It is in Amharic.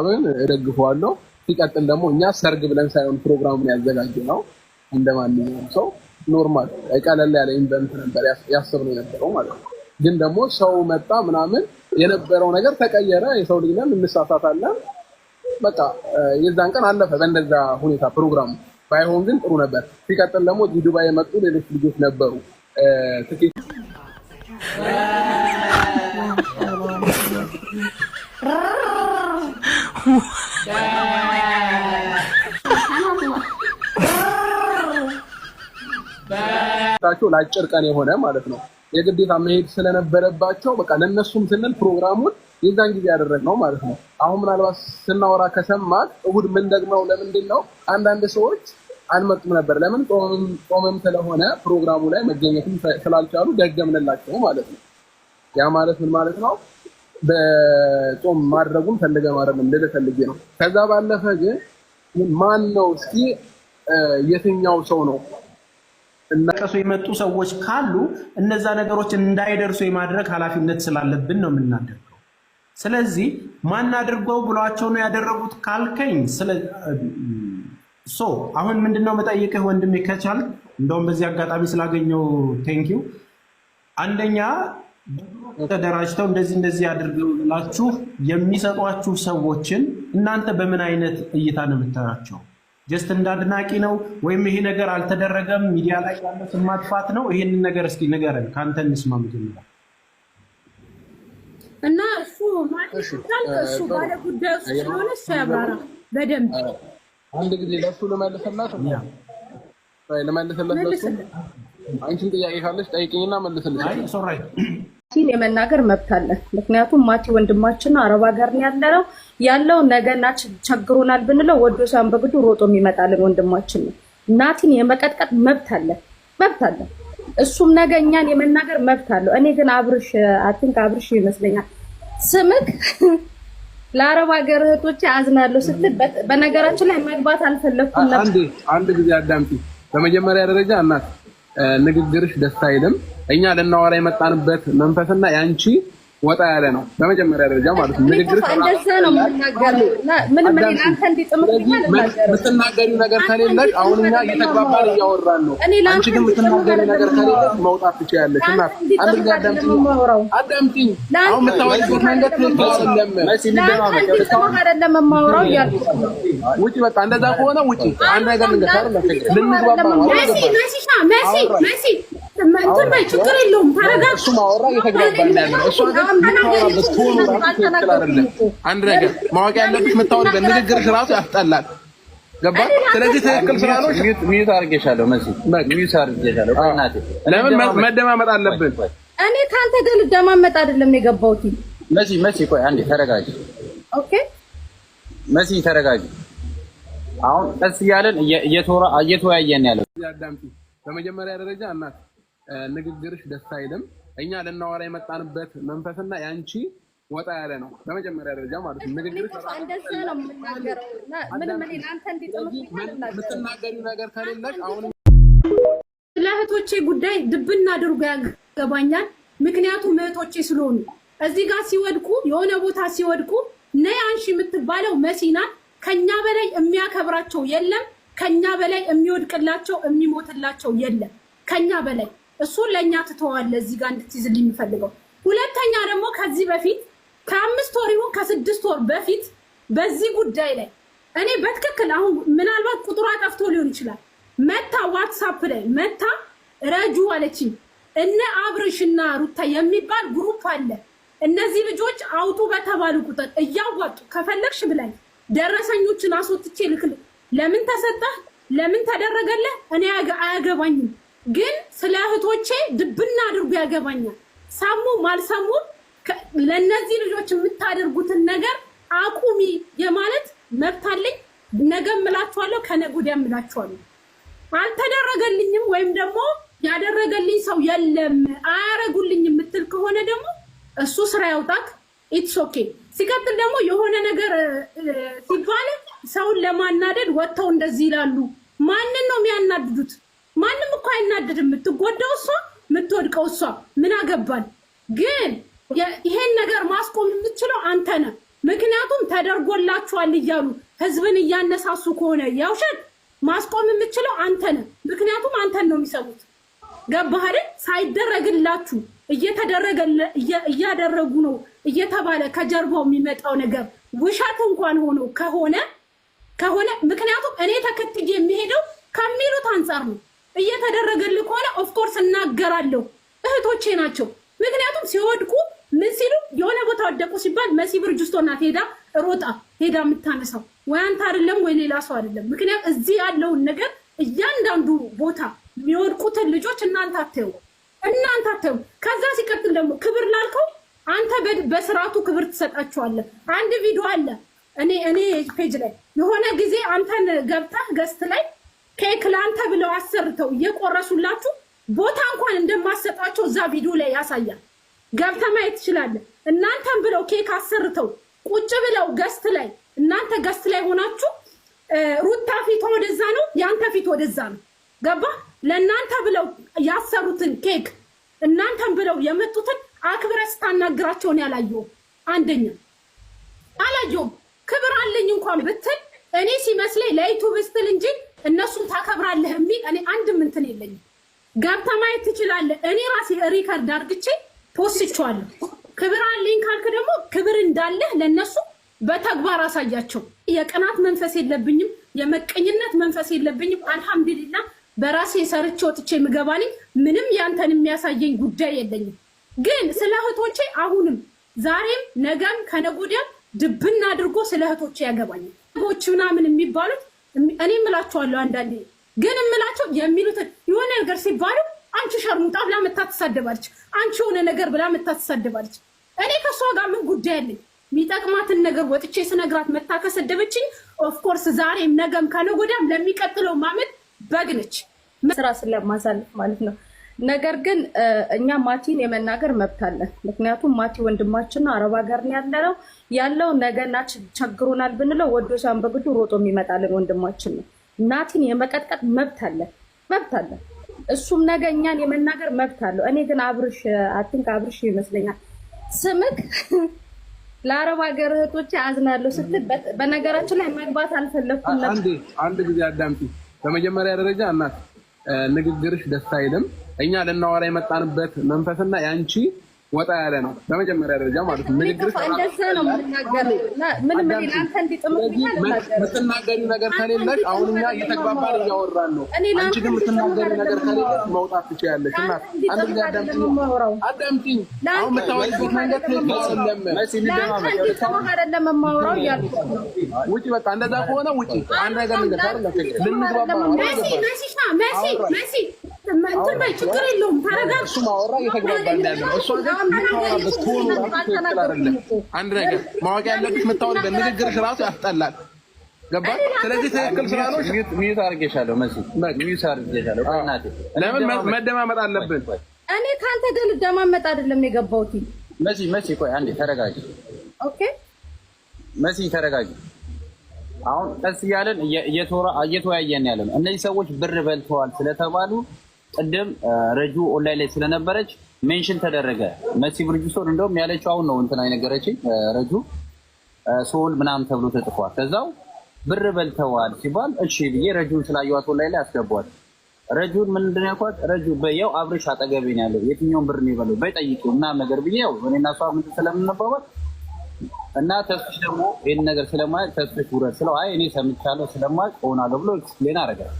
አብን እደግፈዋለሁ። ሲቀጥል ደግሞ እኛ ሰርግ ብለን ሳይሆን ፕሮግራሙን ያዘጋጀ ነው እንደማንኛውም ሰው ኖርማል ቀለል ያለ ኢንቨንት ነበር ያሰብነው የነበረው ማለት ነው። ግን ደግሞ ሰው መጣ ምናምን የነበረው ነገር ተቀየረ። የሰው ልጅ ነን እንሳሳታለን። በቃ የዛን ቀን አለፈ በእንደዛ ሁኔታ ፕሮግራሙ ባይሆን ግን ጥሩ ነበር። ሲቀጥል ደግሞ ዱባይ የመጡ ሌሎች ልጆች ነበሩ ትኬት 哭。ቸው ለአጭር ቀን የሆነ ማለት ነው የግዴታ መሄድ ስለነበረባቸው በቃ ለእነሱም ስንል ፕሮግራሙን የዛን ጊዜ ያደረግነው ማለት ነው። አሁን ምናልባት ስናወራ ከሰማት እሁድ ምን ደግመው ለምንድን ነው አንዳንድ ሰዎች አልመጡም ነበር። ለምን ቆመም ስለሆነ ፕሮግራሙ ላይ መገኘትም ስላልቻሉ ደገምንላቸው ማለት ነው። ያ ማለት ምን ማለት ነው? በጾም ማድረጉም ፈልገ ማድረግ እንደለ ፈልጌ ነው። ከዛ ባለፈ ግን ማን ነው እስኪ የትኛው ሰው ነው እናቀሱ የመጡ ሰዎች ካሉ እነዛ ነገሮች እንዳይደርሱ የማድረግ ኃላፊነት ስላለብን ነው የምናደርገው። ስለዚህ ማን አድርገው ብሏቸው ነው ያደረጉት ካልከኝ አሁን ምንድነው መጠየቅህ ወንድሜ ከቻል እንደውም በዚህ አጋጣሚ ስላገኘው ቴንኪው አንደኛ ተደራጅተው እንደዚህ እንደዚህ አድርገው ብላችሁ የሚሰጧችሁ ሰዎችን እናንተ በምን አይነት እይታ ነው የምታያቸው? ጀስት እንዳድናቂ ነው ወይም ይሄ ነገር አልተደረገም ሚዲያ ላይ ያለ ስም ማጥፋት ነው? ይሄንን ነገር እስኪ ንገረን፣ ከአንተ እንስማ። መጀመሪያ እና እሱ እሱ ባለ ጉዳዩ ስለሆነ እሱ ያብራራ በደንብ። አንድ ጊዜ ለሱ ልመልስላት ልመልስላት፣ ለሱ አንቺን ጥያቄ ካለች ጠይቅኝና መልስልሽ። ማቲን የመናገር መብት አለን። ምክንያቱም ማቲ ወንድማችን ነው፣ አረብ ሀገር ነው ያለነው ያለው ነገና ቸግሮናል ብንለው ወዶ ሳይሆን በግዱ ሮጦ የሚመጣልን ወንድማችን ነው። ናቲን የመቀጥቀጥ መብት አለን መብት አለን። እሱም ነገ እኛን የመናገር መብት አለው። እኔ ግን አብርሽ አትንክ አብርሽ ይመስለኛል ስምክ ለአረብ ሀገር እህቶቼ አዝናለሁ ስትል፣ በነገራችን ላይ መግባት አልፈለግኩም ነበር። አንድ ጊዜ አዳምጪ በመጀመሪያ ደረጃ እናት ንግግርሽ ደስ አይልም። እኛ ልናወራ የመጣንበት መንፈስና የአንቺ ወጣ ያለ ነው። በመጀመሪያ ደረጃ ማለት ነው ንግግርሽ እንደዛ ምንም ነገር ከሌለሽ አሁን እኛ እየተግባባን እያወራን ነው። አንቺ ግን ነገር ከሌለሽ መውጣት ትችያለሽ። እና አንድ ጊዜ አዳምጪኝ፣ አዳምጪኝ። አሁን የምታወሪበት መንገድ ትክክል አይደለም። ውጪ፣ በቃ እንደዛ ከሆነ ውጪ። አንድ ነገር ልንገርሽ፣ ልንግባባ መሲ መሲ እንትን በይ ችግር የለውም ተረጋግጡ። አንድ ነገር ማወቅ ያለብሽ የምታወሪው በንግግርሽ እራሱ ያስጠላል። ገባሽ? ስለዚህ ትክክል ስላልሆንሽ ሚዩት አድርጌሻለሁ። መሲ ሚዩት አድርጌሻለሁ። ለምን መደማመጥ አለብን? እኔ ከአንተ ጋር ልደማመጥ አይደለም የገባሁት። መሲ መሲ ቆይ አንዴ ተረጋጊ። ኦኬ መሲ ተረጋጊ። አሁን ቀስ እያለን እየተወያየን ያለው በመጀመሪያ ደረጃ እናት ንግግርሽ ደስ አይልም። እኛ ልናወራ የመጣንበት መንፈስና የአንቺ ወጣ ያለ ነው። በመጀመሪያ ደረጃ ማለት ነው። ነገር ከሌለሽ አሁን ስለ ጉዳይ ድብና አድርጎ ያገባኛል። ምክንያቱም እህቶቼ ስለሆኑ እዚህ ጋር ሲወድቁ የሆነ ቦታ ሲወድቁ ነይ አንሺ የምትባለው መሲናት ከኛ በላይ የሚያከብራቸው የለም። ከኛ በላይ የሚወድቅላቸው የሚሞትላቸው የለም። ከኛ በላይ እሱን ለእኛ ትተዋለ። እዚህ ጋር እንድትይዝልኝ የሚፈልገው ሁለተኛ ደግሞ ከዚህ በፊት ከአምስት ወር ይሁን ከስድስት ወር በፊት በዚህ ጉዳይ ላይ እኔ በትክክል አሁን ምናልባት ቁጥሯ ጠፍቶ ሊሆን ይችላል። መታ ዋትሳፕ ላይ መታ ረጁ አለችኝ። እነ አብርሽና ሩታ የሚባል ግሩፕ አለ። እነዚህ ልጆች አውጡ በተባሉ ቁጥር እያዋጡ ከፈለግሽ ብላኝ ደረሰኞችን አስወጥቼ ልክል ለምን ተሰጠህ? ለምን ተደረገለህ? እኔ አያገባኝም፣ ግን ስለ እህቶቼ ድብና አድርጎ ያገባኛል። ሰሙም አልሰሙም ለእነዚህ ልጆች የምታደርጉትን ነገር አቁሚ የማለት መብት አለኝ። ነገ እምላችኋለሁ፣ ከነገ ወዲያ አልተደረገልኝም ወይም ደግሞ ያደረገልኝ ሰው የለም አያረጉልኝ የምትል ከሆነ ደግሞ እሱ ስራ ያውጣክ። ኢትስ ኦኬ። ሲቀጥል ደግሞ የሆነ ነገር ሲባል ሰውን ለማናደድ ወጥተው እንደዚህ ይላሉ። ማንን ነው የሚያናድዱት? ማንም እኮ አይናደድ። የምትጎዳው እሷ፣ የምትወድቀው እሷ። ምን አገባል ግን ይሄን ነገር ማስቆም የምትችለው አንተ ነህ። ምክንያቱም ተደርጎላችኋል እያሉ ህዝብን እያነሳሱ ከሆነ ያውሸን ማስቆም የምትችለው አንተ ነህ። ምክንያቱም አንተን ነው የሚሰሙት። ገባህ ሳይደረግላችሁ እያደረጉ ነው እየተባለ ከጀርባው የሚመጣው ነገር ውሸት እንኳን ሆኖ ከሆነ ከሆነ ምክንያቱም እኔ ተከትዬ የሚሄደው ከሚሉት አንጻር ነው። እየተደረገልህ ከሆነ ኦፍኮርስ እናገራለሁ። እህቶቼ ናቸው። ምክንያቱም ሲወድቁ ምን ሲሉ የሆነ ቦታ ወደቁ ሲባል መሲ ብርጅስቶና ሄዳ ሮጣ ሄዳ የምታነሳው ወይ አንተ አይደለም ወይ ሌላ ሰው አይደለም። ምክንያቱ እዚህ ያለውን ነገር እያንዳንዱ ቦታ የሚወድቁትን ልጆች እናንተ አታዩ እናንተ አታዩ። ከዛ ሲቀጥል ደግሞ ክብር ላልከው አንተ በስርዓቱ ክብር ትሰጣችኋለህ። አንድ ቪዲዮ አለ እኔ እኔ ፔጅ ላይ የሆነ ጊዜ አንተን ገብታ ገስት ላይ ኬክ ለአንተ ብለው አሰርተው እየቆረሱላችሁ ቦታ እንኳን እንደማሰጣቸው እዛ ቪዲዮ ላይ ያሳያል። ገብተ ማየት ትችላለህ። እናንተን ብለው ኬክ አሰርተው ቁጭ ብለው ገስት ላይ እናንተ ገስት ላይ ሆናችሁ ሩታ ፊት ወደዛ ነው፣ የአንተ ፊት ወደዛ ነው። ገባ ለእናንተ ብለው ያሰሩትን ኬክ እናንተን ብለው የመጡትን አክብረ ስታናግራቸውን ያላየውም። አንደኛ አላየውም። እንኳን ብትል እኔ ሲመስለኝ ለዩቱብ ስትል እንጂ እነሱን ታከብራለህ የሚል እኔ አንድም እንትን የለኝም። ገብተህ ማየት ትችላለህ። እኔ ራሴ ሪከርድ አርግቼ ፖስትቼዋለሁ። ክብር አለኝ ካልክ ደግሞ ክብር እንዳለህ ለእነሱ በተግባር አሳያቸው። የቅናት መንፈስ የለብኝም፣ የመቀኝነት መንፈስ የለብኝም። አልሐምዱሊላ በራሴ ሰርቼ ወጥቼ ምገባ ነኝ። ምንም ያንተን የሚያሳየኝ ጉዳይ የለኝም። ግን ስለ እህቶቼ አሁንም ዛሬም ነገም ከነጎዲያም ድብና አድርጎ ስለ እህቶች ያገባኝ ህጎች ምናምን የሚባሉት እኔ እምላቸዋለሁ። አንዳንዴ ግን እምላቸው የሚሉትን የሆነ ነገር ሲባሉ አንቺ ሸርሙጣ ብላ መታ ትሳደባለች፣ አንቺ የሆነ ነገር ብላ መታ ትሳደባለች። እኔ ከእሷ ጋር ምን ጉዳይ አለኝ? የሚጠቅማትን ነገር ወጥቼ ስነግራት መታ ከሰደበችኝ፣ ኦፍኮርስ ዛሬም ነገም ካለ ለሚቀጥለው ማመት በግ ነች ስራ ስለማሳልፍ ማለት ነው። ነገር ግን እኛ ማቲን የመናገር መብት አለን። ምክንያቱም ማቲ ወንድማችን ነው፣ አረብ ሀገር ነው ያለነው ያለው ነገና ቸግሮናል ብንለው ወዶ ሳይሆን በግዱ ሮጦ የሚመጣልን ወንድማችን ነው። ናቲን የመቀጥቀጥ መብት አለን መብት አለን። እሱም ነገ እኛን የመናገር መብት አለው። እኔ ግን አብርሽ አትንክ አብርሽ ይመስለኛል ስምክ ለአረብ ሀገር እህቶቼ አዝናለሁ ስትል፣ በነገራችን ላይ መግባት አልፈለግኩም። አንድ ጊዜ አዳምጪ በመጀመሪያ ደረጃ እናት ንግግርሽ ደስ አይልም። እኛ ልናወራ የመጣንበት መንፈስና የአንቺ ወጣ ያለ ነው። በመጀመሪያ ደረጃ ማለት ነው ንግግር እንደዛ ነው ምንም ነገር ከሌለሽ አሁን እኛ እየተግባባን እያወራን ነው። አንቺ ግን ምትናገሪ ነገር ከሌለሽ መውጣት ትችያለሽ። እና አንድ አዳምጪኝ። አሁን አይደለም ውጪ። በቃ እንደዛ ከሆነ ውጪ። አንድ ነገር ልንገርሽ፣ ልንግባባ ነው እሱ አንድ ነገር ማወቅ ያለብሽ ራሱ ያስጠላል። ስለዚህ ትክክል ስላልሆንሽ ሚዩት አድርጌሻለሁ። ሚዩት አድርጌሻለሁ። ለምን መደማመጥ አለብን? እኔ ከአንተ ጋር ልደማመጥ አይደለም የገባሁት። መሲ መሲ፣ ቆይ አንዴ ተረጋጊ። ኦኬ መሲ ተረጋጊ። አሁን ቀስ እያለን እየተወያየን ያለ ነው። እነዚህ ሰዎች ብር በልተዋል ስለተባሉ ቅድም ረጁ ኦንላይን ላይ ስለነበረች ሜንሽን ተደረገ። መሲ ብርጅስቶን እንደውም ያለችው አሁን ነው እንትና የነገረችኝ ረጁ ሶል ምናምን ተብሎ ተጽፏል። ከዛው ብር በልተዋል ሲባል እሺ ብዬ ረጁን ስላየዋት ኦንላይን ላይ አስገቧል። ረጁን ምንድን ያልኳት ረጁ በየው አብርሽ አጠገቤ ነው ያለው የትኛውን ብር ነው ይበለው በጠይቁ እና ነገር ብዬ ያው እኔና እሷ ምንድን ስለምንነባባት እና ተስፍሽ ደግሞ ይህን ነገር ስለማያውቅ ተስፍሽ ውረድ ስለው አይ እኔ ሰምቻለሁ ስለማያውቅ ሆናለሁ ብሎ ኤክስፕሌን አደረጋል።